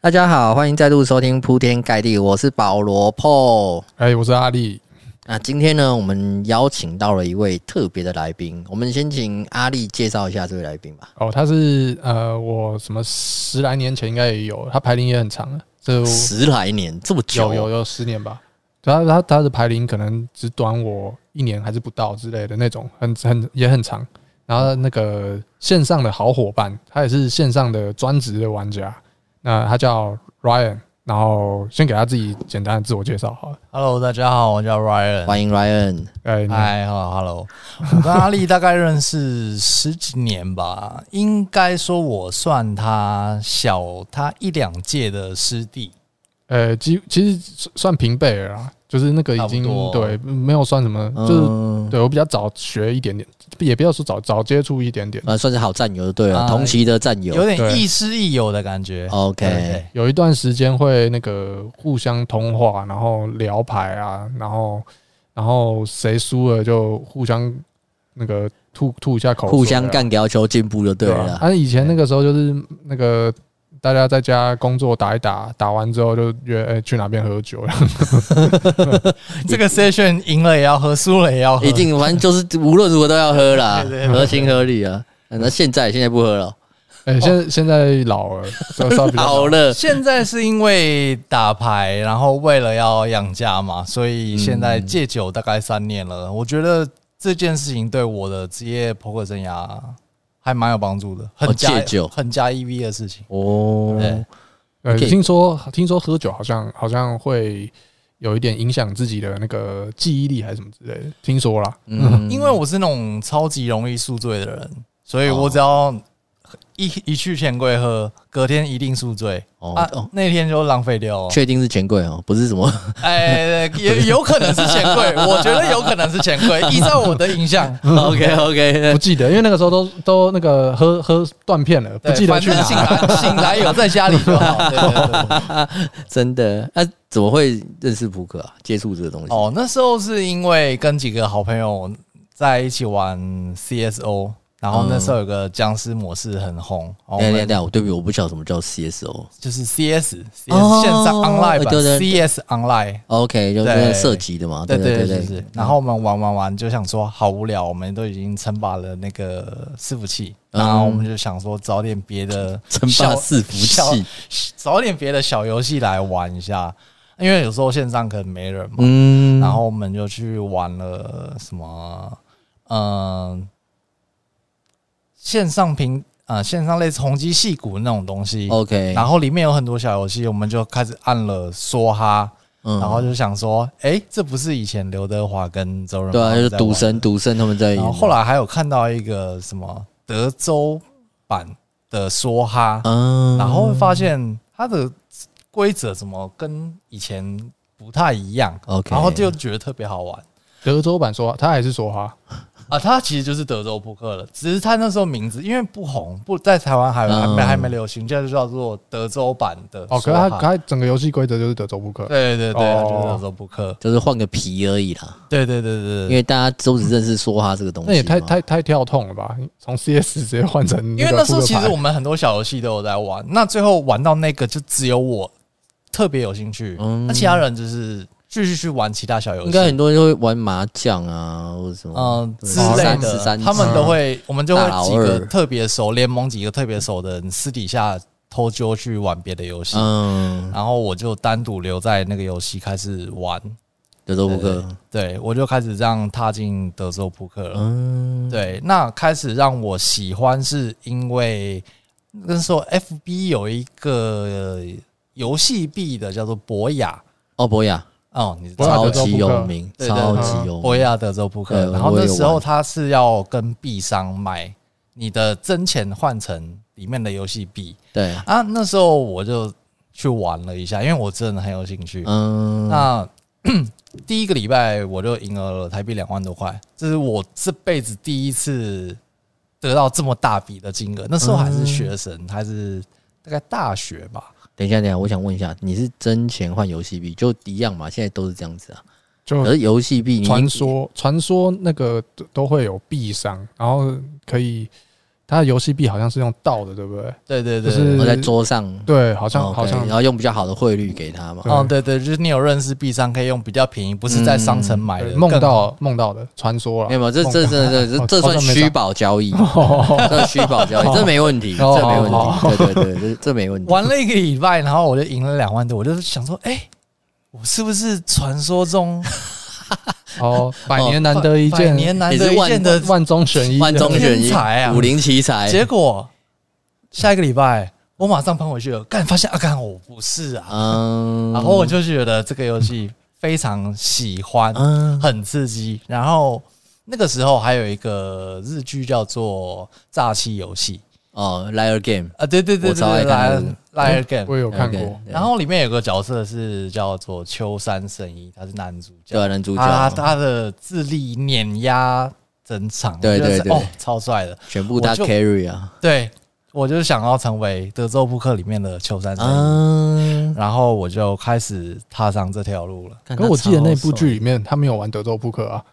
大家好，歡迎再度收聽鋪天蓋地，我是保羅 Paul，哎、欸，我是阿力。那今天呢，我們邀請到了一位特別的來賓，我們先請阿力介紹一下這位來賓吧。哦，他是呃，我什麼十來年前應該也有，他牌齡也很長的，就、這個、十來年，這麼久？，有有有十年吧。他他他的牌齡可能只短我一年還是不到之類的那種，很很也很長。然後那個線上的好夥伴，他也是線上的專職的玩家。那他叫 Ryan，然後先給他自己簡單的自我介紹好了。Hello，大家好，我叫 Ryan，歡迎 Ryan，哎，你好，Hello，hello。 我跟阿麗大概認識十幾年吧，應該說我算他小他一兩屆的師弟。呃、欸，其其實算平輩了啦，就是那個已經、哦、對沒有算什麼，嗯、就是對我比較早學一點點，也不要說早早接觸一點點，呃，算是好戰友對了、啊，同期的戰友，有點亦師亦友的感覺。OK，有一段時間會那個互相通話，然後聊牌啊，然後然後誰輸了就互相那個吐吐一下口水、啊，互相幹要求進步就對了。對啊，以前那個時候就是那個。大家在家工作打一打，打完之後就約、欸、去哪邊喝酒了。 這個 session 贏了也要喝，輸了也要喝，一定反正就是無論如何都要喝啦，對對對對，合情合理啊。對對對對啊，那現在現在不喝了、哦，哎、欸，現在、哦、現在老了，所以比較老了，老了。現在是因為打牌，然後為了要養家嘛，所以現在戒酒，大概三年了。嗯、我覺得這件事情對我的職業 poker 生涯，還蠻有幫助的，很、哦、戒酒，很加 E V 的事情哦。呃，聽說聽說喝酒好像好像會有一點影響自己的那個記憶力還是什麼之類的，聽說啦，嗯，因為我是那種超級容易宿醉的人，所以我只要、哦。一一去錢櫃喝，隔天一定宿醉哦，那天就浪費掉。確定是錢櫃哦？喔，不是什麼？哎、欸欸欸欸，也有，有可能是錢櫃，我覺得有可能是錢櫃。 依照我的印象 ，OK OK，不記得，因為那個時候都都那個喝喝斷片了，不記得去哪。醒來，來有在家裡就好。 對對對對 真的？那怎麼會認識撲克啊？接觸這個東西？哦、oh，那時候是因為跟幾個好朋友在一起玩 CSO。然後那時候有個殭屍模式很紅。對對對，我對比我不曉得什麼叫 CSO，就是 CS 線上 online 版 CS online。OK，就是射擊的嘛，對對對對，對,對是是。然後我們玩玩玩，就想說好無聊，我們都已經稱霸了那個伺服器，嗯，然後我們就想說找點別的稱霸伺服器，找點別的小遊戲來玩一下，因為有時候線上可能沒人嘛。嗯。然後我們就去玩了什麼，嗯。線上平啊，呃，線上類似宏碁戲谷那種東西，OK，然後裡面有很多小遊戲，我們就開始按了梭哈，嗯，然後就想說，哎，欸，這不是以前劉德華跟周潤發，對啊，是賭神賭聖他們在贏。然後，後來還有看到一個什麼德州版的梭哈，嗯，然後發現它的規則怎麼跟以前不太一樣，okay. 然後就覺得特別好玩。德州版梭哈它還是梭哈。啊，它其實就是德州撲克了，只是它那時候名字因為不紅，不在台灣還沒、嗯、還沒流行，現在就叫做德州版的。哦，可是它它整個遊戲規則就是德州撲克。對對對，哦、就是德州撲克，就是換個皮而已啦。對對對對，對。因為大家都只認識說他這個東西。那、嗯、也太太太跳痛了吧？從 CS 直接換成。因為那時候其實我們很多小遊戲都有在玩，那最後玩到那個就只有我特別有興趣，那、嗯、其他人就是。繼續去玩其他小遊戲，應該很多人都會玩麻將啊，或者什麼啊、呃、之類的、啊。他們都會、啊，我們就會幾個特別熟，聯、啊、盟幾個特別熟的人，私底下偷揪去玩別的遊戲。嗯，然後我就單獨留在那個遊戲開始玩、嗯、對對對德州撲克。對，我就開始這樣踏進德州撲克了。嗯，對，那開始讓我喜歡是因為那時候 FB 有一個遊戲幣的，叫做博雅。哦，博雅。哦，你超級有名，超級有名，博亞、嗯、德州撲克。然後那時候他是要跟幣商買你的真錢換成裡面的遊戲幣。對啊，那時候我就去玩了一下，因為我真的很有興趣。嗯，那第一個禮拜我就贏了台幣兩萬多塊，這、就是我這輩子第一次得到這麼大筆的金額。那時候還是學生，嗯、還是大概大學吧。等一下，等一下，我想問一下，你是真錢換遊戲幣就一樣嘛？現在都是這樣子啊。就而遊戲幣傳說傳說那個都會有幣商，然後可以。他的遊戲幣好像是用倒的，對不對？對對對，我、就是、在桌上，對，好像 okay，好像，然後用比較好的匯率給他嘛。哦，對對，就是你有認識幣商，可以用比較便宜，不是在商城買的。夢、嗯、到夢到的傳說了，沒有？這這這這、哦、這算虛寶交易， 這虛寶交易、哦，這沒問題，哦、這沒問題。哦、對對對、哦這哦對，對，對 這，這沒問題。玩了一個禮拜，然後我就贏了兩萬多，我就想說，哎、欸，我是不是傳說中？哦、 oh,，百年難得一見，百年難得一見的萬中選一，萬中選一才啊，武林奇才。 結果下一個禮拜、嗯，我馬上噴回去，了，幹發現啊，幹我不是啊、嗯，然後我就覺得這個遊戲非常喜歡，嗯，很刺激。然後那個時候還有一個日劇叫做《詐欺遊戲》。哦、oh,，Liar Game 啊，對對對，對，對，對我 l i a r Liar Game，、哦、我有看過 okay,。然後裡面有個角色是叫做秋山深一，他是男主角，對啊、男主角他他的智力碾壓整場，對對對，對，就是哦，超帥的，全部他 carry 啊。對，我就想要成為德州撲克裡面的秋山深一、嗯，然後我就開始踏上這條路了。可我記得那部劇裡面他沒有玩德州撲克啊。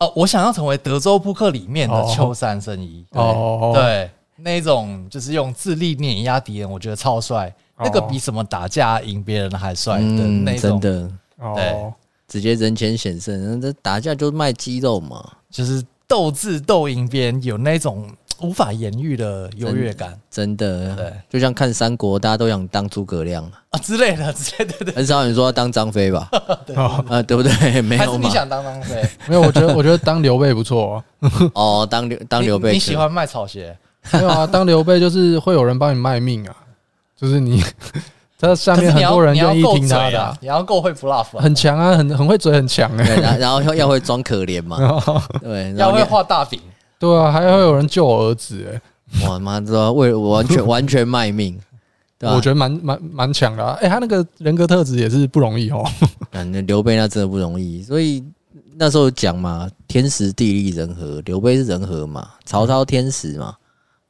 哦，我想要成為德州撲克裡面的秋山深一、哦。哦哦，哦對。那種就是用智力碾壓敵人，我覺得超帥。哦、那個比什麼打架贏別人還帥的、嗯、那種，真的。哦，直接人前顯勝，這打架就賣肌肉嘛，就是鬥智鬥贏別人，有那種無法言喻的優越感真。真的，對，就像看三國，大家都想當諸葛亮啊之類的之類的。很少人說要當張飛吧？ 對，啊，對不對,對？沒、啊、有還是你想當張飛？ 沒有，我覺得我覺得當劉備不錯、啊。 哦，當劉當劉備你，你喜歡賣草鞋？ 沒有啊，當劉備就是會有人幫你賣命啊，就是你他下面很多人願意聽他的、啊你，你要夠會 bluff，很強啊，很很會嘴很強啊、欸。然後要會裝可憐嘛，對，要會畫 大餅，對啊，還要有人救我兒子哎、欸，我他媽知道為完全 完全賣命，對啊，我覺得蠻蠻蠻強的哎、啊欸，他那個人格特質也是不容易哦，那 劉備那真的不容易，所以那時候講嘛，天時地利人和，劉備是人和嘛，曹操天時嘛。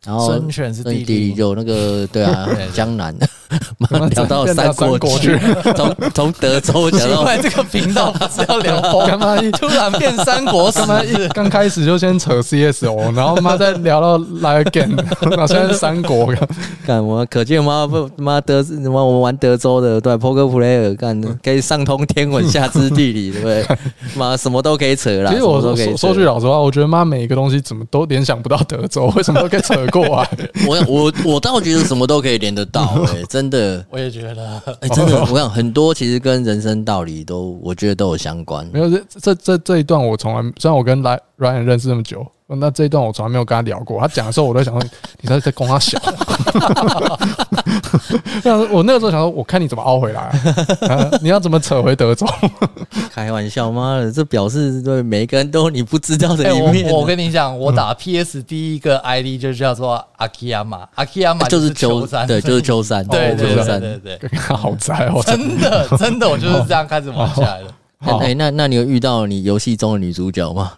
然後是弟弟，有那個，對啊，江南的， 媽媽聊到三國過去，從從 德州講到。奇怪，這個頻道是要聊他媽 嘛一 突然變三國，他 媽一剛開始就先扯 CSO， 然後他媽再聊到《Life Again》，現在是三國？幹？我可見他媽不媽德，什麼我們玩德州的對，poker player 幹，可以上通天文，下知地理，對不對？媽什麼都可以扯啦。其實我，都可以我說，說句老實話，我覺得媽每一個東西怎麼都聯想不到德州，為什麼都可以扯？過啊、 我我我倒覺得什麼都可以連得到、欸，哎，真的，我也覺得，哎、欸，真的，我跟你講，很多，其實跟人生道理都，我覺得都有相關、哦哦，沒有這這這這一段我，我從來雖然我跟來 Ryan 認識那麼久，那這一段我從來沒有跟他聊過。他講的時候，我都想，說， 你在在供他小笑。哈哈哈！哈，我那個時候想說，我看你怎麼凹回來、啊啊，你要怎麼扯回德州？ 開玩笑，媽的，這表示對每一個人都有你不知道的一面我。我跟你講，我打 PS 第一個 ID 就叫做阿基亞馬，阿基亞馬就是秋山、就是，對，就是秋山，哦、對，對，秋山，對對對，對， 好宅哦，真的，真的，我就是這樣開始玩下來的。哎、欸，那那你有遇到你遊戲中的女主角嗎？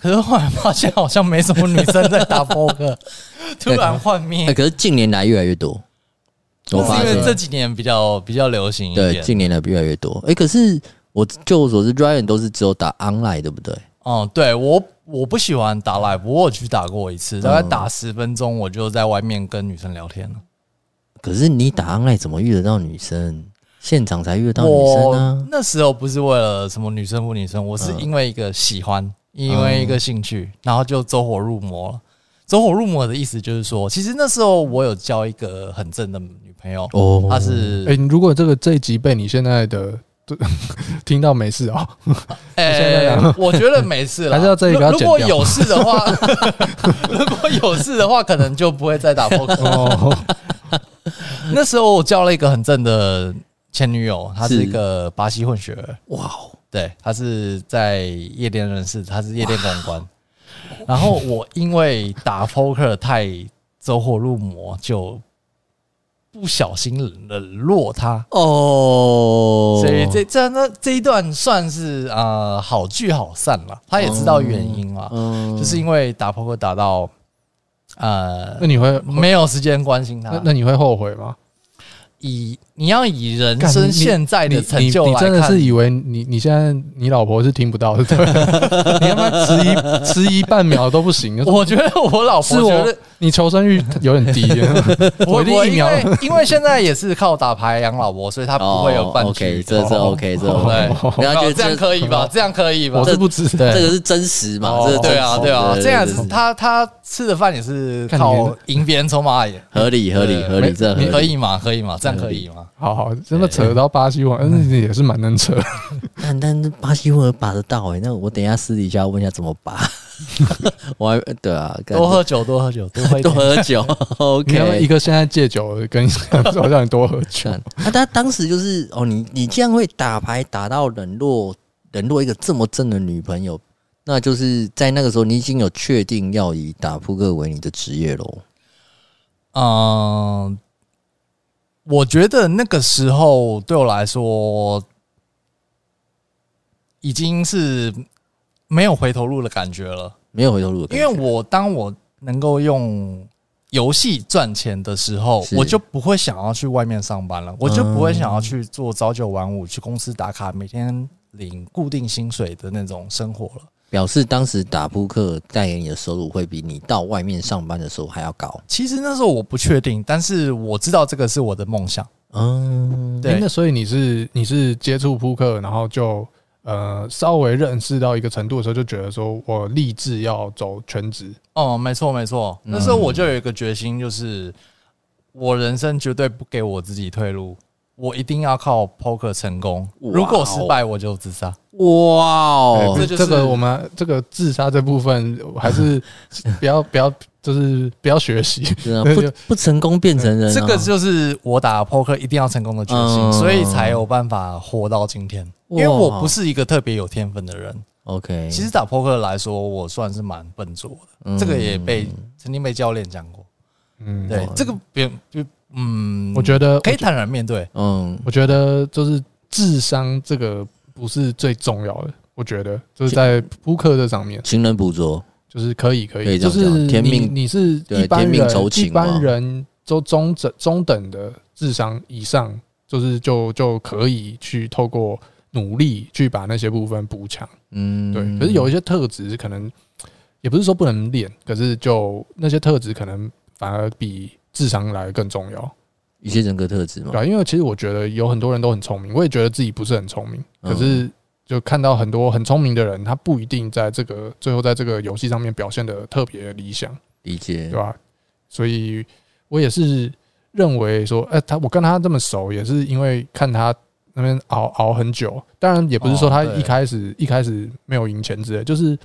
可是後來發現好像沒什麼女生在打 poker 突然幻滅、欸。可是近年來越來越多，我發現這，這幾年比較比較流行對，近年來越來越多。誒、欸，可是我就我所知，Ryan 都是只有打 online，對不對？哦、嗯，對，我我不喜歡打 live，我有去打過一次，大概打十分鐘，我就在外面跟女生聊天了、嗯。可是你打 online 怎麼遇得到女生？現場才遇得到女生啊！那時候不是為了什麼女生不女生，我是因為一個喜歡。因為一個興趣，嗯、然後就走火入魔了。走火入魔的意思就是說，其實那時候我有交一個很正的女朋友，她、哦、是、欸……如果這個這一集被你現在的聽到沒事哦、欸欸，我覺得沒事了。還是要這一集要剪掉。如果有事的話，如果有事的話， 如果有事的話可能就不會再打 poker，哦、 那時候我交了一個很正的前女友，她是一個巴西混血。哇哦！對，他是在夜店認識，他是夜店公關。然後我因為打撲克太走火入魔，就不小心冷落他哦。所以這這那這一段算是啊、呃、好聚好散了，他也知道原因了，嗯，嗯、就是因為打撲克打到呃，那你會沒有時間關心他？那你會後悔嗎？以你要以人生現在的成就來看，你你你你真的是以為你你現在你老婆是聽不到的，對？你要遲疑遲疑半秒都不行。我覺得我老婆是覺得你求生欲有點低， 我我因為 因為現在也是靠打牌養老婆，所以她不會有半、哦。OK，這是 OK，這、哦、對。這樣可以吧？這樣可以吧？這，這吧我是不值得，對，這個是真實嘛？哦、這個，對啊，對啊，對啊對啊對對這樣子他他吃的飯也是靠贏別人籌碼而已，合理合理合理這合理可以嘛？可以嘛？可以嗎？好好，真的扯到巴西，我也是蠻能扯。但但是，巴西王拔得到哎、欸，那我等一下私底下問一下怎麼拔。 我還對啊，多喝酒，多喝酒，多喝酒。喝酒 OK，一個現在戒酒，跟，跟人好像多喝酒。那 他、啊、當時就是哦，你你竟然會打牌打到冷落冷落一個這麼正的女朋友，那就是在那個時候你已經有確定要以打撲克為你的職業嘍？嗯、呃。我覺得那個時候對我來說，已經是沒有回頭路的感覺了，沒有回頭路的感覺。因為我當我能夠用遊戲賺錢的時候，我就不會想要去外面上班了，我就不會想要去做朝九晚五，去公司打卡，每天領固定薪水的那種生活了。表示當時打撲克帶給你的收入會比你到外面上班的時候還要高。其實那時候我不確定，但是我知道這個是我的夢想。嗯，對。欸、那所以你是你是接觸撲克，然後就呃稍微認識到一個程度的時候，就覺得說我立志要走全職。哦，沒錯沒錯。那時候我就有一個決心，就是、嗯、我人生絕對不給我自己退路。我一定要靠 poker 成功，wow、如果失敗我就自殺。哇、wow，這就這個我們這個自殺這部分還是不要， 不要，不要，就是不要學習、啊， 不不成功變成人、啊。這個就是我打 poker 一定要成功的決心、嗯，所以才有辦法活到今天。因為我不是一個特別有天分的人。OK、wow、其實打 poker 來說，我算是蠻笨拙的、okay。這個也被曾經被教練講過。嗯，對，嗯、這個別別。嗯，我覺得可以坦然面對。嗯，我覺得就是智商這個不是最重要的，嗯、我覺得就是在撲克這上面，勤能補拙就是可以可以，就是你你，你是一般人命，一般人都中等中等的智商以上，就是就就可以去透過努力去把那些部分補強。嗯，對。可是有一些特質可能也不是說不能練，可是就那些特質可能反而比。智商來更重要，一些人格特質嘛，對吧？因為其實我覺得有很多人都很聰明，我也覺得自己不是很聰明，嗯，可是就看到很多很聰明的人，他不一定在這個最後在這個遊戲上面表現的特別理想，理解，對吧、啊？所以我也是認為說，哎，他我跟他這麼熟，也是因為看他那邊熬熬很久。當然，也不是說他一開始一開始沒有贏錢之類，就是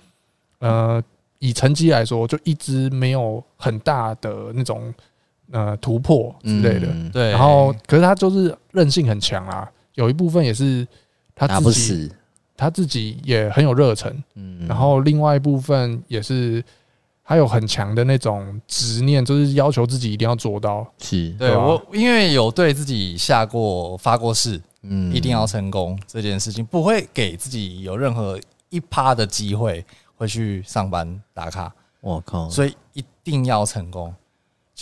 呃，以成績來說，就一直沒有很大的那種。呃，突破之類的、嗯，對。然後，可是他就是韌性很強啊。有一部分也是他自己，他自己也很有熱忱。嗯。然後，另外一部分也是，他有很強的那種執念，就是要求自己一定要做到。是。對我，因為有對自己下過發過誓，嗯，一定要成功這件事情，不會給自己有任何一趴的機會回去上班打卡。我靠！所以一定要成功。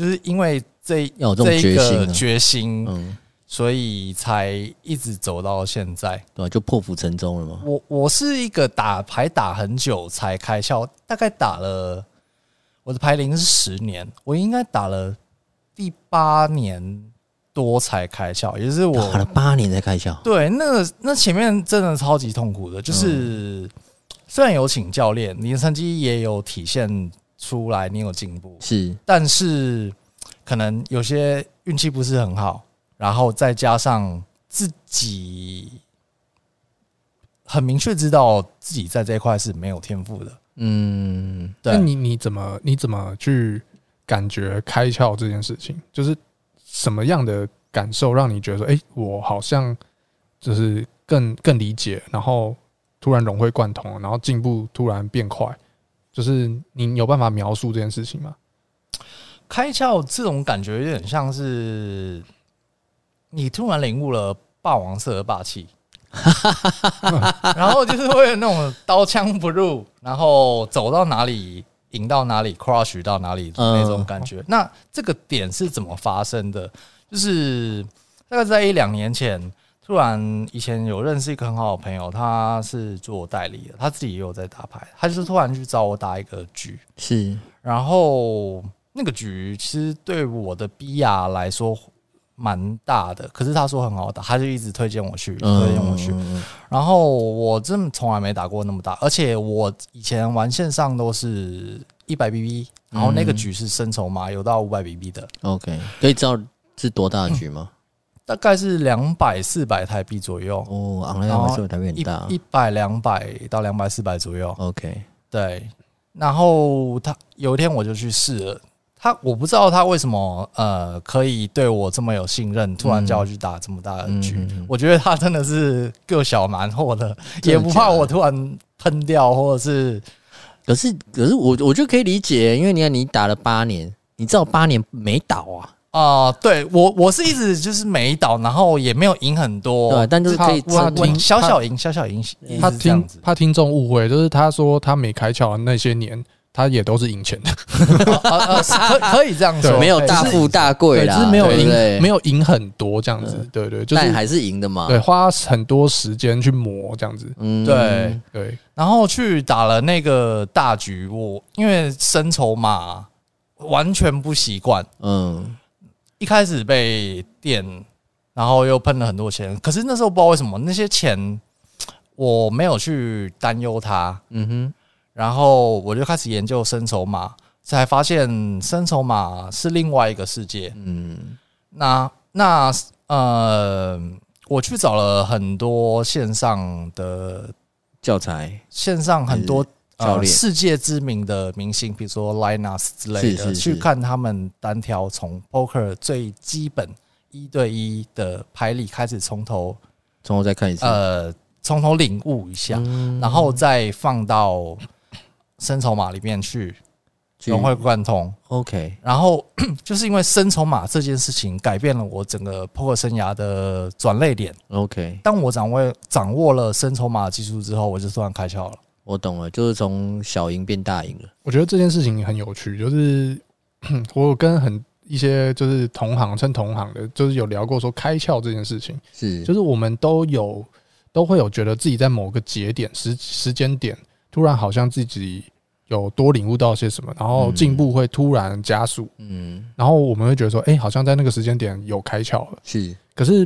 就是因為這有這，種、啊、這一個決心，嗯、所以才一直走到現在，對、啊、就破釜沉舟了嘛。我我是一個打牌打很久才開竅，大概打了我的牌齡是十年，我應該打了第八年多才開竅，也就是我打了八年才開竅。對，那那前面真的超級痛苦的，就是、嗯、雖然有請教練，你的成績也有體現，出來，你有進步是，但是可能有些運氣不是很好，然後再加上自己很明確知道自己在這一塊是沒有天賦的，嗯，對，你你怎麼你怎麼去感覺開竅這件事情？就是什麼樣的感受讓你覺得說哎，我好像就是更更理解，然後突然融會貫通，然後進步突然變快。就是你有辦法描述這件事情嗎？開竅這種感覺有點像是你突然領悟了霸王色的霸氣，然後就是會有那種刀槍不入，然後走到哪裡贏到哪裡，crush 到哪裡，就是，那種感覺。那這個點是怎麼發生的？就是大概在一兩年前。突然，以前有認識一個很好的朋友，他是做代理的，他自己也有在打牌。他就突然去找我打一個局，是。然後那個局其實對我的 BR 來說蠻大的，可是他說很好打，他就一直推薦我去，推薦我去，嗯。然後我真從來沒打過那麼大，而且我以前玩線上都是一百 BB，然後那個局是深籌嘛，有到五百 BB 的，嗯，OK，可以知道是多大的局嗎？嗯大概是兩百四百台幣左右哦，Oh, 然後一一百兩百到兩百四百左右。OK，對。然後他有一天我就去試了，他我不知道他為什麼呃可以對我這麼有信任，突然叫我去打這麼大的局，嗯、我覺得他真的是個小蠻貨的，嗯、 也不怕我突然噴掉或者是，可是。可是可是我我就可以理解，因為你看你打了八年，你知道八年沒倒啊。啊、呃，對我我是一直就是沒倒，然後也沒有贏很多，但就是可以小小贏，小小贏。他這樣他聽，怕聽眾誤會，就是他說他沒開竅的那些年，他也都是贏錢的，可、 哦哦、可以這樣說，沒有大富大貴啦，只，就是就是沒有贏，對對，沒有贏很多這樣子，嗯、對對，對，但還是贏的嘛，對，花很多時間去磨這樣子，嗯，對對，然後去打了那個大局，我因為深籌碼完全不習慣，嗯。一開始被電，然後又噴了很多錢。可是那時候不知道為什麼那些錢我沒有去擔憂它，嗯哼，然後我就開始研究深籌碼，才發現深籌碼是另外一個世界，嗯，那那呃，我去找了很多線上的教材，線上很多。然世界知名的明星，比如說 Linus 之類的，是是是是去看他們單挑，從 Poker 最基本一對一的牌理開始，從頭，從頭再看一下、嗯，呃，從頭領悟一下，然後再放到深籌碼裡面去融會貫通。OK，然後就是因為深籌碼這件事情改變了我整個 Poker 生涯的轉捩點。OK，當我掌握掌握了深籌碼的技術之後，我就突然開竅了。我懂了，就是從小贏變大贏了。我覺得這件事情很有趣，就是我跟很一些就是同行稱同行的，就是有聊過說開竅這件事情，是就是我們都有都會有覺得自己在某個節點時時間點，突然好像自己有多領悟到些什麼，然後進步會突然加速，嗯，嗯，然後我們會覺得說，哎、欸，好像在那個時間點有開竅了，是，可是。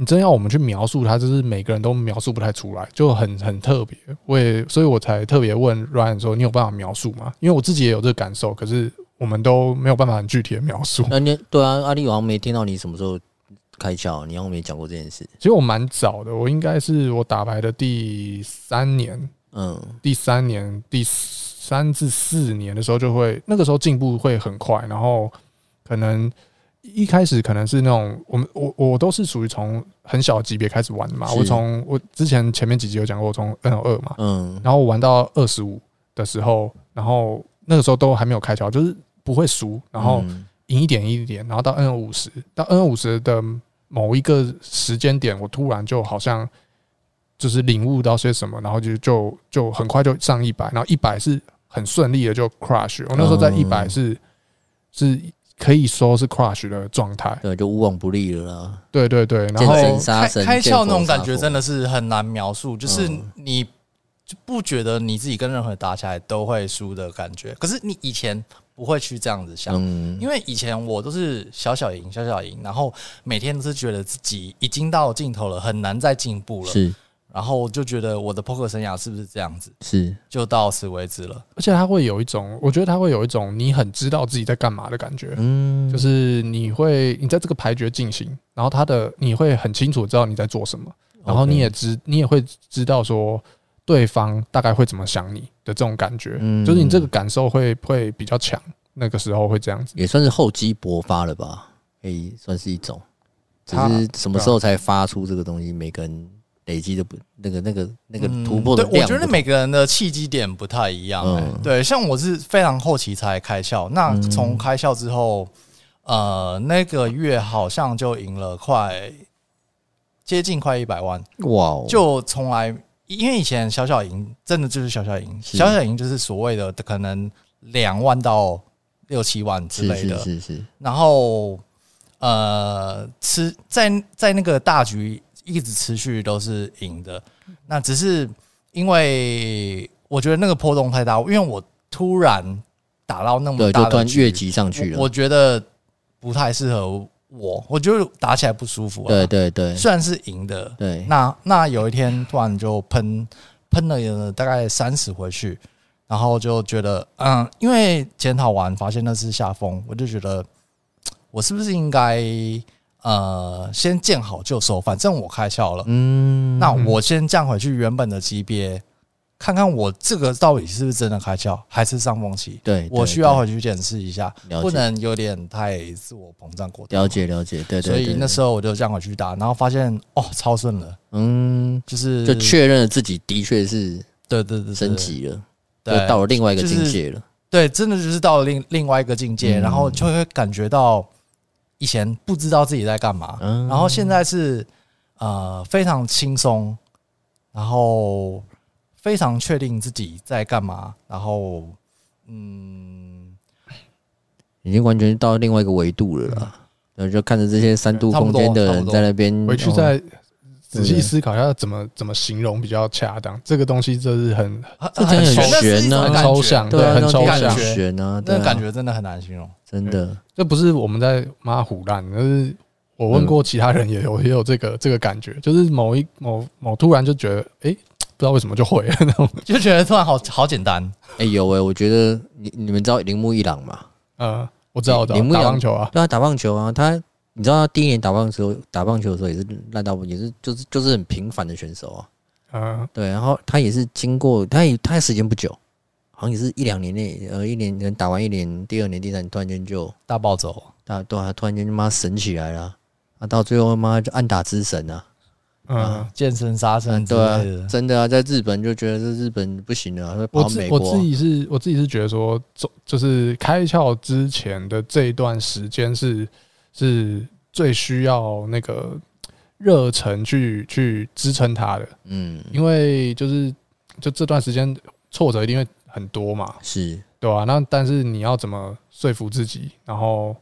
你真要我們去描述它，就是每個人都描述不太出來，就很很特別。我也，所以我才特別問 Ryan 說：“你有辦法描述嗎？”因為我自己也有這個感受，可是我們都沒有辦法很具體的描述。那你對啊，阿力，我好像沒聽到你什麼時候開竅，你好像沒講過這件事。其實我蠻早的，我應該是我打牌的第三年，嗯，第三年，第三至四年的時候就會，那個時候進步會很快，然後可能。一開始可能是那種我們我我都是屬於從很小級別開始玩的嘛，我從我之前前面幾集有講過，我從 N 二嘛，嗯，然後我玩到二十五的時候，然後那個時候都還沒有開竅，就是不會輸，然後贏一點一點，然後到 N 五十，到 N 五十的某一個時間點，我突然就好像就是領悟到些什麼，然後就就就很快就上一百，然後一百是很順利的就 crush，我那時候在一百是是。可以說是 crush 的狀態，對，就無往不利了。對對對，然後開開竅那種感覺真的是很難描述，就是你就不覺得你自己跟任何人打起來都會輸的感覺。可是你以前不會去這樣子想，因為以前我都是小小贏，小小贏，然後每天都是覺得自己已經到盡頭了，很難再進步了。是。然後我就覺得我的撲克生涯是不是這樣子？是，就到此為止了。而且他會有一種，我覺得他會有一種你很知道自己在幹嘛的感覺。嗯，就是你會你在這個牌局進行，然後他的你會很清楚知道你在做什麼，然後你也知你也會知道說對方大概會怎麼想你的這種感覺，嗯，就是你這個感受會會比較強。那個時候會這樣子，也算是厚積薄發了吧？可以算是一種。他什麼時候才發出這個東西？每個人。累積的不那個那個那個突破的。嗯，對我覺得每個人的契機點不太一樣，欸。嗯，對，像我是非常後期才開竅，那從開竅之後，呃，那個月好像就贏了快接近快一百萬，哇！就從來因為以前小小贏，真的就是小小贏，小小贏就是所謂的可能兩萬到六七萬之類的，是是。然後呃，吃在在那個大局，一直持續都是贏的，那只是因為我覺得那個波動太大，因為我突然打到那麼大的，對，就突然越級上去了。我，我覺得不太適合我，我覺得打起來不舒服啊，對對對，雖然是贏的，對。那那有一天突然就噴噴了大概三十回去，然後就覺得嗯，因為檢討完發現那是下風，我就覺得我是不是應該。呃，先見好就收，反正我開竅了。嗯，那我先降回去原本的級別，嗯，看看我這個到底是不是真的開竅，還是上風期？對，對，對，我需要回去檢視一下，不能有點太自我膨脹過度。了解，了解，對對，對對。所以那時候我就降回去打，然後發現哦，超順了。嗯，就是就確認了自己的確是，對對對，對，升級了，就到了另外一個境界了。就是、對，真的就是到了另另外一個境界，嗯，然後就會感覺到。以前不知道自己在幹嘛、嗯，然後現在是，呃，非常輕鬆，然後非常確定自己在幹嘛，然後，嗯，已經完全到另外一個維度了啦，然後、嗯、就看着這些三度空間的人在那邊。在那邊回去再仔細思考一下怎麼怎麼形容比較恰當，這個東西就是很很、啊啊、很玄呢、啊，抽象對，很抽象、啊啊、玄呢、啊，這、啊、感覺真的很難形容，真的。這不是我們在罵唬爛，而、就是我問過其他人也有、嗯、也有這個這個感覺，就是某一某某突然就覺得，哎、欸，不知道為什麼就會那種，就覺得突然好好簡單。哎、欸、有哎、欸，我覺得你你們知道鈴木一朗嗎？嗯、呃，我知道，我知道。鈴木一朗，打棒球啊，對啊，他打棒球啊，他。你知道，他第一年打棒球，打棒球的時候也是爛到不行，也是就是就是很平凡的選手啊。啊，對，然後他也是經過，他也他時間不久，好像也是一兩年內，呃，一年打完一年，第二年、第三年突然間就大暴走，大、啊、對、啊，突然間他媽神起來了啊，到最後他媽就安打之神啊，嗯，見、啊、神、殺神，啊對啊，真的啊，在日本就覺得這日本不行了，會跑美國。我自我自己是，我自己是覺得說，就就是開竅之前的這一段時間是。是最需要那個熱忱去去支撐它的，嗯，因為就是就這段時間挫折一定會很多嘛，是對啊，那但是你要怎麼說服自己，然後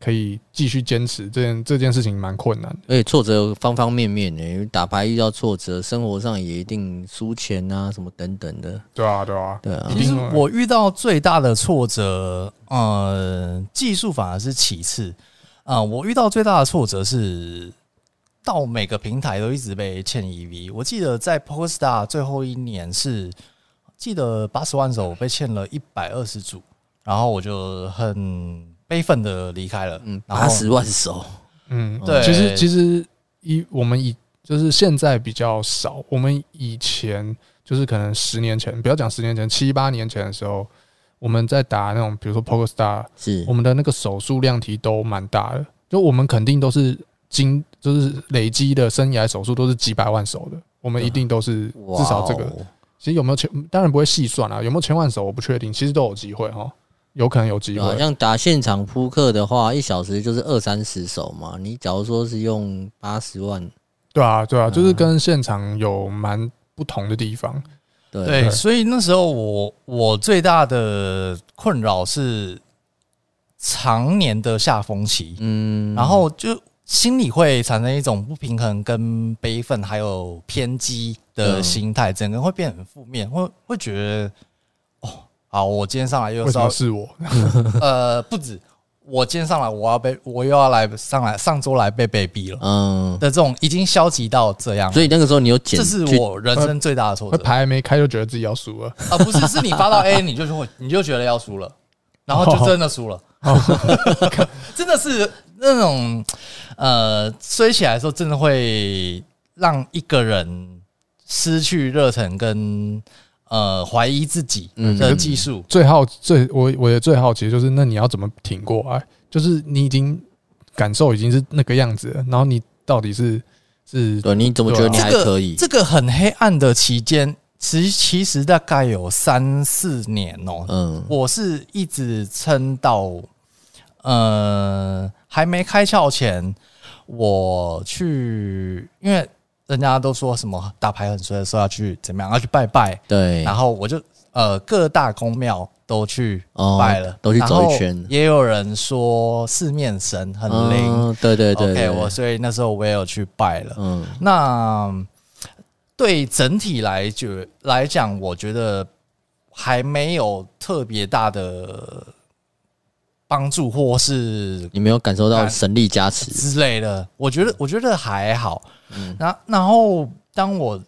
可以繼續堅持這件這件事情蠻困難，而且挫折方方面面的，因為打牌遇到挫折，生活上也一定輸錢啊什麼等等的，對啊對啊對啊。其實、嗯就是、我遇到最大的挫折，呃，技術反而是其次。啊、嗯，我遇到最大的挫折是到每個平台都一直被欠 EV。我記得在 PokerStars 最後一年是記得八十萬手，我被欠了一百二十組，然後我就很悲憤的離開了。嗯，八十萬手。嗯，對。其實其實以我們以就是現在比較少，我們以前就是可能十年前，不要講十年前，七八年前的時候。我們在打那種，比如說 Poker Star，是我們的那個手數量題都蠻大的，就我們肯定都是經，就是累積的生涯手數都是幾百萬手的，我們一定都是至少這個，嗯 wow、其實有沒有千，當然不會細算啊，有沒有千萬手我不確定，其實都有機會哈，有可能有機會。像打現場撲克的話，一小時就是二三十手嘛，你假如說是用八十萬，對啊對啊，就是跟現場有蠻不同的地方。對，對，所以那時候我我最大的困擾是常年的下風期，嗯，然後就心裡會產生一種不平衡、跟悲憤，還有偏激的心態，整個人會變很負面，會會覺得哦，好，我今天上來又是我， 呃，不止。我今天上來，我要被我又要來上來上桌來被被逼了，嗯，的這種已經消極到這樣，所以那個時候你有減，這是我人生最大的挫折、呃。牌還沒開就覺得自己要輸了啊、呃？不是，是你發到 A， 你就會你就覺得要輸了，然後就真的輸了、哦， 真的是那種呃，衰起來的時候，真的會讓一個人失去熱忱跟。呃，懷疑自己的技術、嗯嗯，最好最我我的最好奇就是，那你要怎麼挺過來？就是你已經感受已經是那個樣子了，然後你到底是是對，你怎麼覺得你還可以？這個、這個、很黑暗的期間，其其實大概有三四年哦、喔。嗯，我是一直撐到呃還沒開竅前，我去因為。人家都說什麼打牌很衰的時候要去怎麼樣？要去拜拜。對。然後我就呃各大宮廟都去拜了，哦，都去走一圈。也有人說四面神很靈，哦。對對對，對，對。對、OK, 我所以那時候我也有去拜了。嗯。那對整體來就來講，我覺得還沒有特別大的幫助，或是你沒有感受到神力加持之類的。我覺得，我覺得還好。嗯，然然後，當我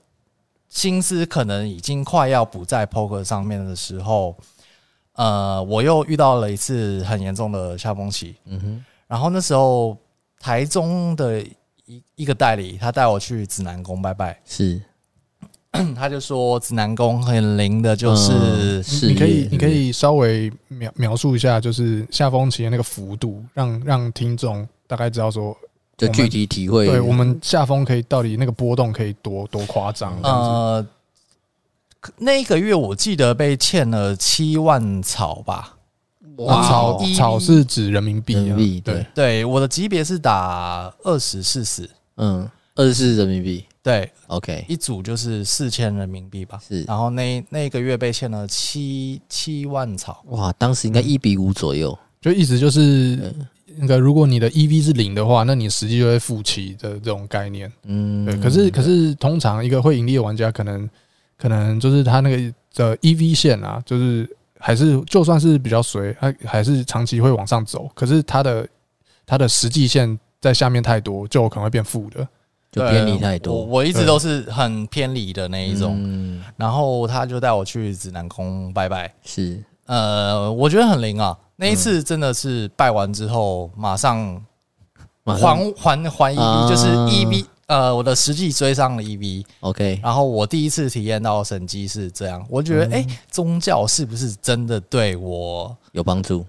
心思可能已經快要不在 poker 上面的時候，呃，我又遇到了一次很嚴重的下風期。嗯哼，然後那時候台中的一一個代理，他帶我去指南宮拜拜。是，他就說指南宮很靈的，就是，嗯、是，是，你可以你可以稍微描描述一下，就是下風期的那個幅度讓，讓讓聽眾大概知道說。就具體體會，對，對，對我們下風可以到底那個波動可以多多誇張。呃，那一個月我記得被欠了七萬草吧，哇，哇，草草是指人民幣啊？幣對，對，對，我的級別是打二十四十，嗯，二十四人民幣，對，OK，一組就是四千人民幣吧？是，然後那那一個月被欠了七七萬草，哇，當時應該一比五左右，就意思就是。那個，如果你的 E V 是零的話，那你實際就會負七的這種概念。嗯，對。可是，可是通常一個會盈利的玩家，可能可能就是他那個的 E V 線啊，就是還是就算是比較隨，他還是長期會往上走。可是他的他的實際線在下面太多，就可能會變負的，就偏離太多我，我一直都是很偏離的那一種。嗯，然後他就帶我去指南宮拜拜。是。呃，我覺得很靈啊！那一次真的是拜完之後，嗯、馬上還還還一、啊、就是 EV 呃，我的實際追上了 EV，OK、okay。然後我第一次體驗到神蹟是這樣，我覺得哎、嗯欸，宗教是不是真的對我有幫助？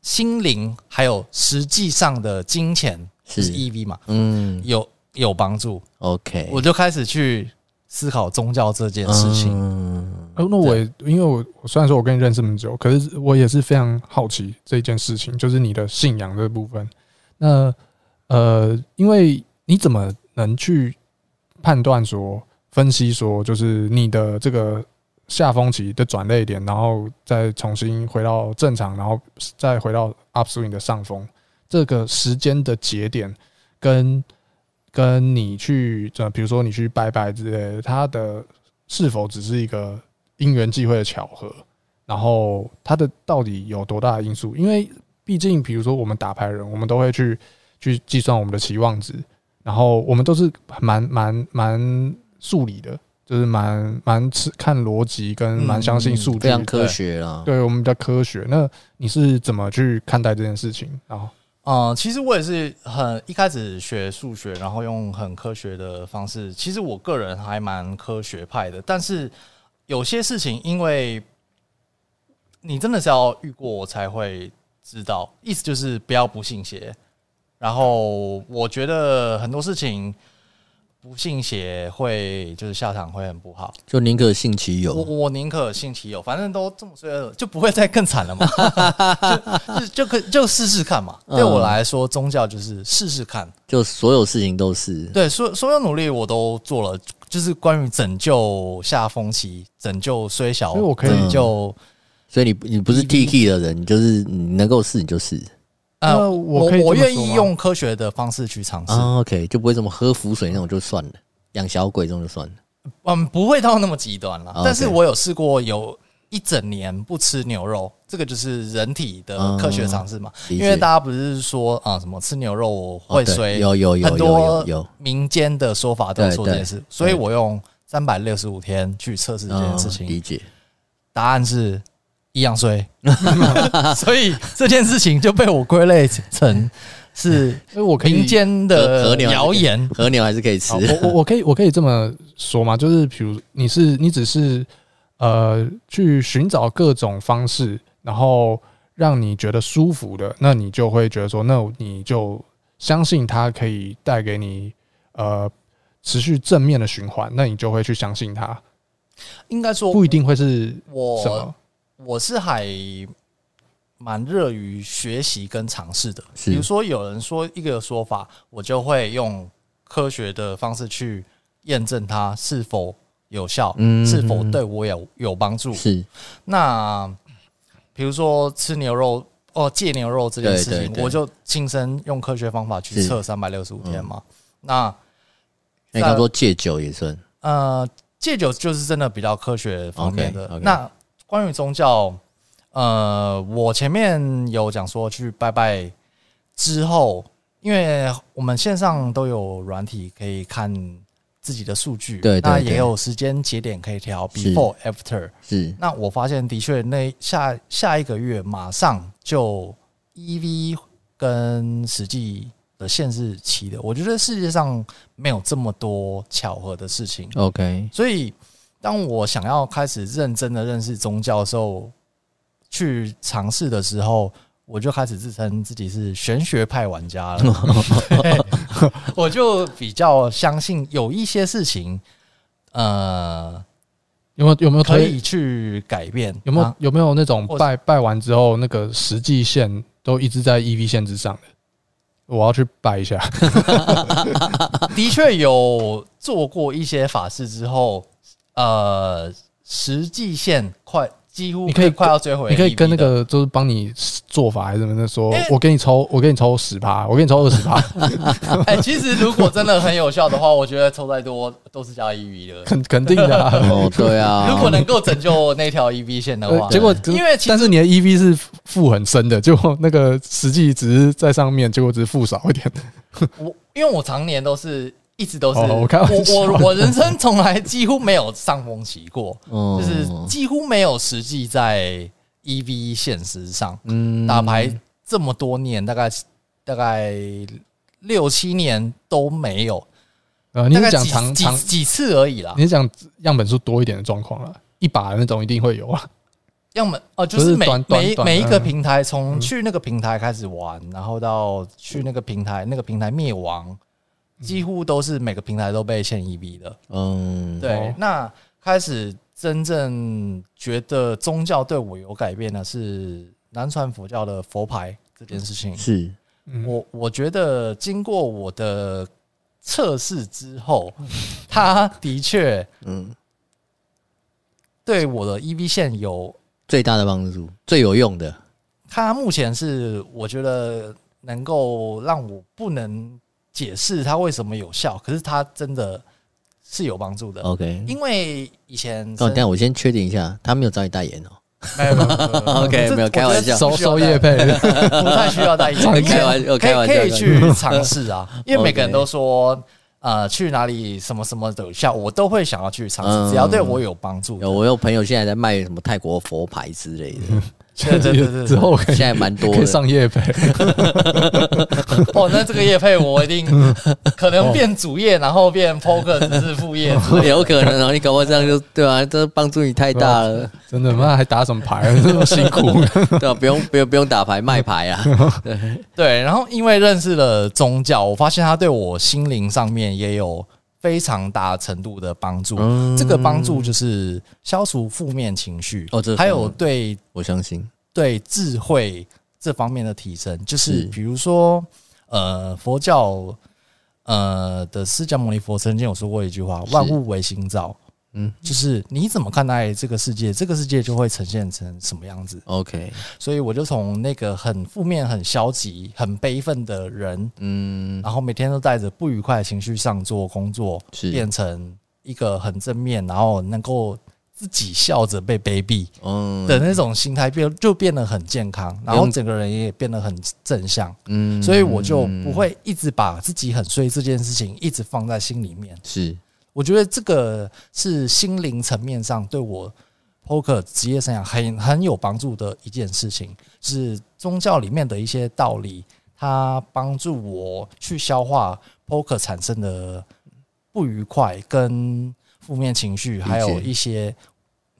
心靈還有實際上的金錢是 EV 嘛？嗯，有有幫助，OK。我就開始去思考宗教這件事情。嗯哦，那我也因為我，我雖然說我跟你認識很久，可是我也是非常好奇這一件事情，就是你的信仰這部分。那呃，因為你怎麼能去判斷說、分析說，就是你的這個下風期的轉捩點，然後再重新回到正常，然後再回到 upswing 的上風，這個時間的節點跟跟你去，呃，比如說你去拜拜之類的，它的是否只是一個？因緣際會的巧合，然後它的到底有多大的因素？因為畢竟，比如說我們打牌人，我們都會去去計算我們的期望值，然後我們都是蠻蠻蠻數理的，就是蠻蠻吃看邏輯跟蠻相信數量、嗯、科學啊。對，對我們比較科學。那你是怎麼去看待這件事情然後嗯、呃，其實我也是很一開始學數學，然後用很科學的方式。其實我個人還蠻科學派的，但是。有些事情，因為你真的是要遇過我才會知道，意思就是不要不信邪。然後我覺得很多事情不信邪會就是下場會很不好，就寧可信其有，我我我寧可信其有，反正都這麼衰了，就不會再更慘了嘛 就。就就可就試試看嘛。對我來說，宗教就是試試看。嗯，就所有事情都是對，所所有努力我都做了。就是關於拯救下風期，拯救衰小，因為我可以、嗯、拯救，所以你你不是 TK 的人，你就是你能夠試你就試。啊、呃，我我願意用科學的方式去嘗試、啊、OK，就不會這麼喝符水那種就算了，養小鬼這種就算了，嗯，不會到那麼極端了、啊，okay。但是我有試過有。一整年不吃牛肉，這個就是人體的科學嘗試嘛、嗯？因為大家不是說啊、嗯，什麼吃牛肉我會衰、哦，有有有，很多有民間的說法都說這件事，所以我用三百六十五天去測試這件事情、嗯。理解，答案是一樣衰， 所以這件事情就被我歸類成是間，我民間的謠言，和牛還是可以吃。我我可以我可以這麼說嗎？就是譬如你是你只是。呃，去尋找各種方式，然後讓你覺得舒服的。那你就會覺得說，那你就相信它可以帶給你呃持續正面的循環，那你就會去相信它。應該說，不一定會是我，我是還蠻熱於學習跟嘗試的。比如說，有人說一個說法，我就會用科學的方式去驗證它是否。有效、嗯，是否對我有有幫助？是。那比如說吃牛肉，哦，戒牛肉這件事情，對對對，我就親身用科學方法去測三百六十五天嘛。嗯、那那他說戒酒也算，呃，戒酒就是真的比較科學方面的。Okay, okay 那關於宗教，呃，我前面有講說去拜拜之後，因為我們線上都有軟體可以看。自己的數據，對對對，那也有時間節點可以調，before after。是，那我發現的確，那下下一個月馬上就 EV 跟實際的限制期的，我覺得世界上沒有這麼多巧合的事情。OK，所以當我想要開始認真的認識宗教去嘗試的時候。我就開始自稱自己是玄學派玩家了， 對，我就比較相信有一些事情，呃，有沒有有沒有可以去改變？有沒有、啊、有沒有那種拜拜完之後那個實際線都一直在 EV 線之上的？我要去拜一下 。 的確有做過一些法事之後，呃，實際線快。幾乎你可以快到最後一刻，你可以跟那個就是幫你做法還是什麼的，說我給你抽，欸、我給你抽十趴，我給你抽二十趴。哎 欸、其實如果真的很有效的話，我覺得抽再多都是加 EV 的，肯肯定的、啊， 哦、對啊。 如果能夠拯救那條 EV 線的話，結果因為但是你的 EV 是負很深的，就那個實際只是在上面，結果只是負少一點 。我因為我常年都是。一直都是我我我人生從來幾乎沒有上風期過，就是幾乎沒有實際在 EV 現實上打牌這麼多年，大概大概六七年都沒有。呃，你講幾幾幾次而已啦，你講樣本數多一點的狀況了，一把那種一定會有啊。樣本哦，就是每每，每每每一個平台從去那個平台開始玩，然後到去那個平台那個平台滅亡。幾乎都是每個平台都被欠 EV 的，嗯，對。那開始真正覺得宗教對我有改變的是南傳佛教的佛牌這件事情。嗯，是。我我覺得經過我的測試之後，他的確，嗯，對我的 EV 線有最大的幫助，最有用的。他目前是我覺得能夠讓我不能。解釋它為什麼有效，可是它真的是有幫助的。OK，因為以前……哦，等下我先確定一下，他沒有找你代言哦。沒有，OK，沒有開玩笑，收收業配， 不太需要代言。開玩，開玩笑，可以可以去嘗試啊， 因為每個人都說啊、 呃、去哪裡什麼什麼都有效，我都會想要去嘗試，只、嗯、要對我有幫助有。我有朋友現在在賣什麼泰國佛牌之類的。 是是是之後，現在蠻多的上業配 哦，那這個業配我一定可能變主業，然後變 Poker 是副業， 有可能啊、哦，你搞不好這樣就對吧、啊？這幫助你太大了，啊、真的嗎，還打什麼牌這、啊、麼辛苦？ 對吧、啊？不用不用不用打牌，賣牌啊對，對，然後因為認識了宗教，我發現他對我心靈上面也有。非常大程度的幫助，這個幫助就是消除負面情緒哦，還有對，我相信對智慧這方面的提升，就是比如說，呃，佛教，呃的釋迦牟尼佛曾經有說過一句話：萬物為心造。嗯，就是你怎麼看待這個世界，這個世界就會呈現成什麼樣子。OK，所以我就從那個很負面、很消極、很悲憤的人，嗯，然後每天都帶着不愉快的情緒上做工作，是，變成一個很正面，然後能夠自己笑着被卑鄙的那種心態變，就變得很健康，然後整個人也變得很正向。嗯，所以我就不會一直把自己很衰這件事情一直放在心裡面。是。我覺得這個是心靈層面上對我 poker 職業生涯很很有幫助的一件事情，是宗教裡面的一些道理，它幫助我去消化 poker 產生的不愉快跟負面情緒，還有一些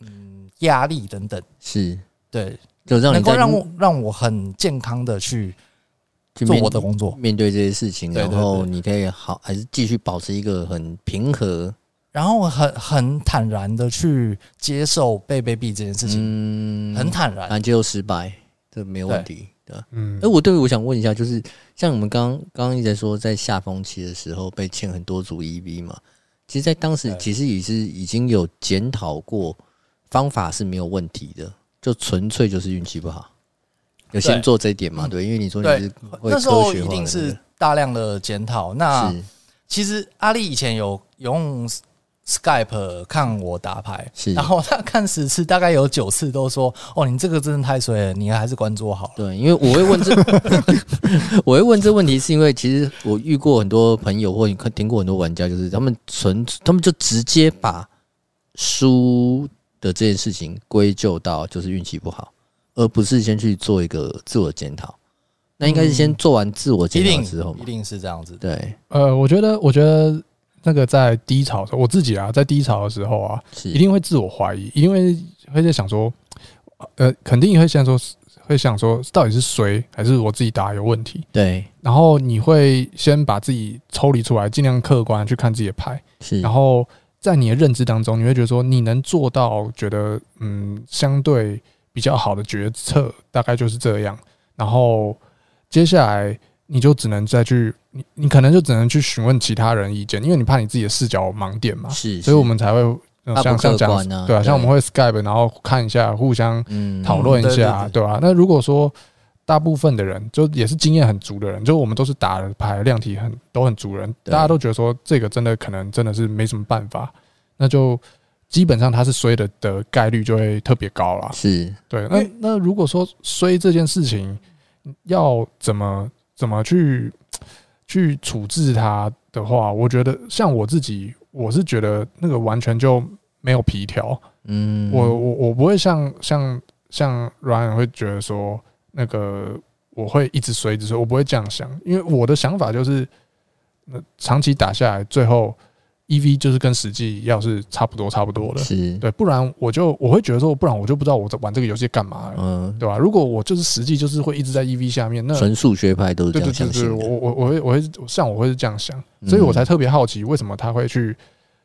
嗯壓力等等。是，對，就讓你能夠讓我讓我很健康的去。做我的工作，面對這些事情，然後你可以好，還是繼續保持一個很平和，嗯，然後很很坦然的去接受被被逼這件事情，嗯，很坦然，然後接受失敗，這沒有問題，對，嗯。哎，我對，我想問一下，就是像我們剛剛剛一直在說，在下風期的時候被欠很多組 EV 嘛，其實，在當時其實也是已經有檢討過方法是沒有問題的，就純粹就是運氣不好。先做這一點嘛，嗯，對，因為你說你是會那時候一定是大量的檢討。那其實阿力以前有用 Skype 看我打牌，是然後他看十次，大概有九次都說：“哦，你這個真的太衰了，你還是關注好。”對，因為我會問這個， 我會問這問題，是因為其實我遇過很多朋友，或你看聽過很多玩家，就是他們純，他們就直接把輸的這件事情歸咎到就是運氣不好，而不是先去做一個自我檢討，那應該是先做完自我檢討之後一定是這樣子。對，呃，我覺得，我覺得那個在低潮的時候，我自己啊，在低潮的時候啊，一定會自我懷疑，因為會，會在想說，呃，肯定會先說，會想說，到底是誰，還是我自己打有問題？對。然後你會先把自己抽離出來，盡量客觀去看自己的牌。是。然後在你的認知當中，你會覺得說，你能做到，覺得嗯，相對。比較好的決策大概就是這樣，然後接下來你就只能再去，你你可能就只能去詢問其他人意見，因為你怕你自己的視角盲點嘛。所以我們才會像像這樣對啊，像我們會 Skype，然後看一下，互相討論一下，對吧、啊？那如果說大部分的人就也是經驗很足的人，就我們都是打了牌量體很都很足人，大家都覺得說這個真的可能真的是沒什麼辦法，那就。基本上它是衰的的概率就會特別高了。是對。那那如果說衰這件事情要怎麼怎麼去去處置它的話，我覺得像我自己，我是覺得那個完全就沒有皮條。嗯，我我我不會像像像 Ryan 會覺得說那個我會一直衰一直衰，我不會這樣想。因為我的想法就是，那長期打下來，最後。E V 就是跟實際要是差不多差不多的，是、嗯、對，不然我就我會覺得說，不然我就不知道我在玩這個遊戲幹嘛，嗯，對吧，啊。如果我就是實際就是會一直在 E V 下面，那純數學派都是這樣想。對對，對對我我我會我會像我會是這樣想，所以我才特別好奇為什麼他會去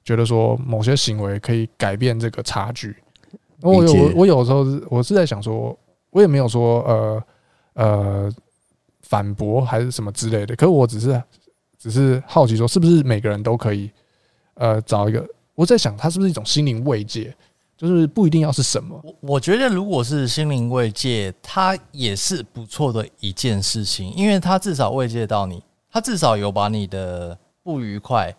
覺得說某些行為可以改變這個差距。我有我我有時候我是在想說，我也沒有說呃呃反駁還是什麼之類的，可我只是只是好奇說，是不是每個人都可以。呃，找一個，我在想，它是不是一種心靈慰藉？就是不一定要是什麼。我我覺得，如果是心靈慰藉，它也是不錯的一件事情，因為它至少慰藉到你，它至少有把你的不愉快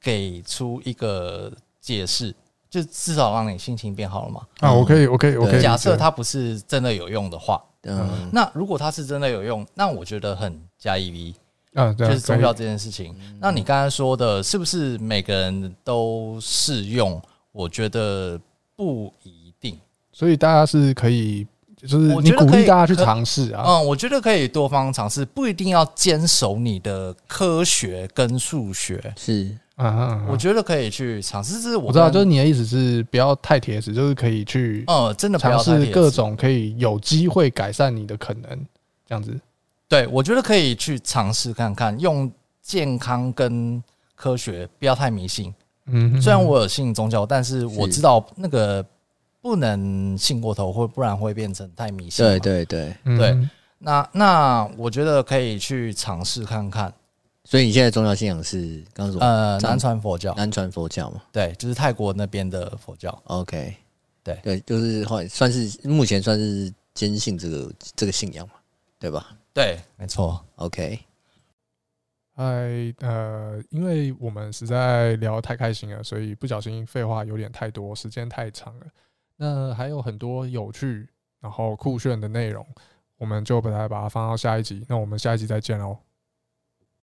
給出一個解釋，就至少讓你心情變好了嘛。啊，我可以，我可以，我可以。假設它不是真的有用的話，嗯，那如果它是真的有用，那我覺得很加 EV。嗯、啊，對啊，就是宗教這件事情。那你剛才說的，是不是每個人都適用？我覺得不一定。所以大家是可以，就是你鼓勵大家去嘗試啊。嗯，我覺得可以多方嘗試，不一定要堅守你的科學跟數學。是啊，哈啊哈，我覺得可以去嘗試。是我，剛剛我知道，就是你的意思是不要太鐵齒，就是可以去，呃，真的嘗試各種可以有機會改善你的可能這樣子。對，我覺得可以去嘗試看看，用健康跟科學，不要太迷信。嗯，雖然我有信宗教，但是我知道那個不能信過頭，或不然會變成太迷信。對對對對，嗯、那那我覺得可以去嘗試看看。所以你現在宗教信仰是？剛剛說，呃，南傳佛教，南傳佛教嘛？對，就是泰國那邊的佛教。OK，對對，就是算是目前算是堅信這個這個信仰嘛，對吧？對，沒錯，OK。嗨，呃，因為我們實在聊得太開心了，所以不小心廢話有點太多，時間太長了。那還有很多有趣，然後酷炫的內容，我們就把它把它放到下一集。那我們下一集再見嘍。